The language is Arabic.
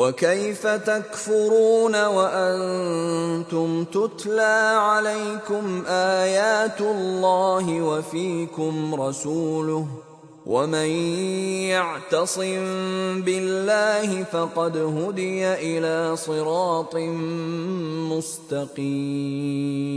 وكيف تكفرون وانتم تتلى عليكم ايات الله وفيكم رسوله ومن يعتصم بالله فقد هدي الى صراط مستقيم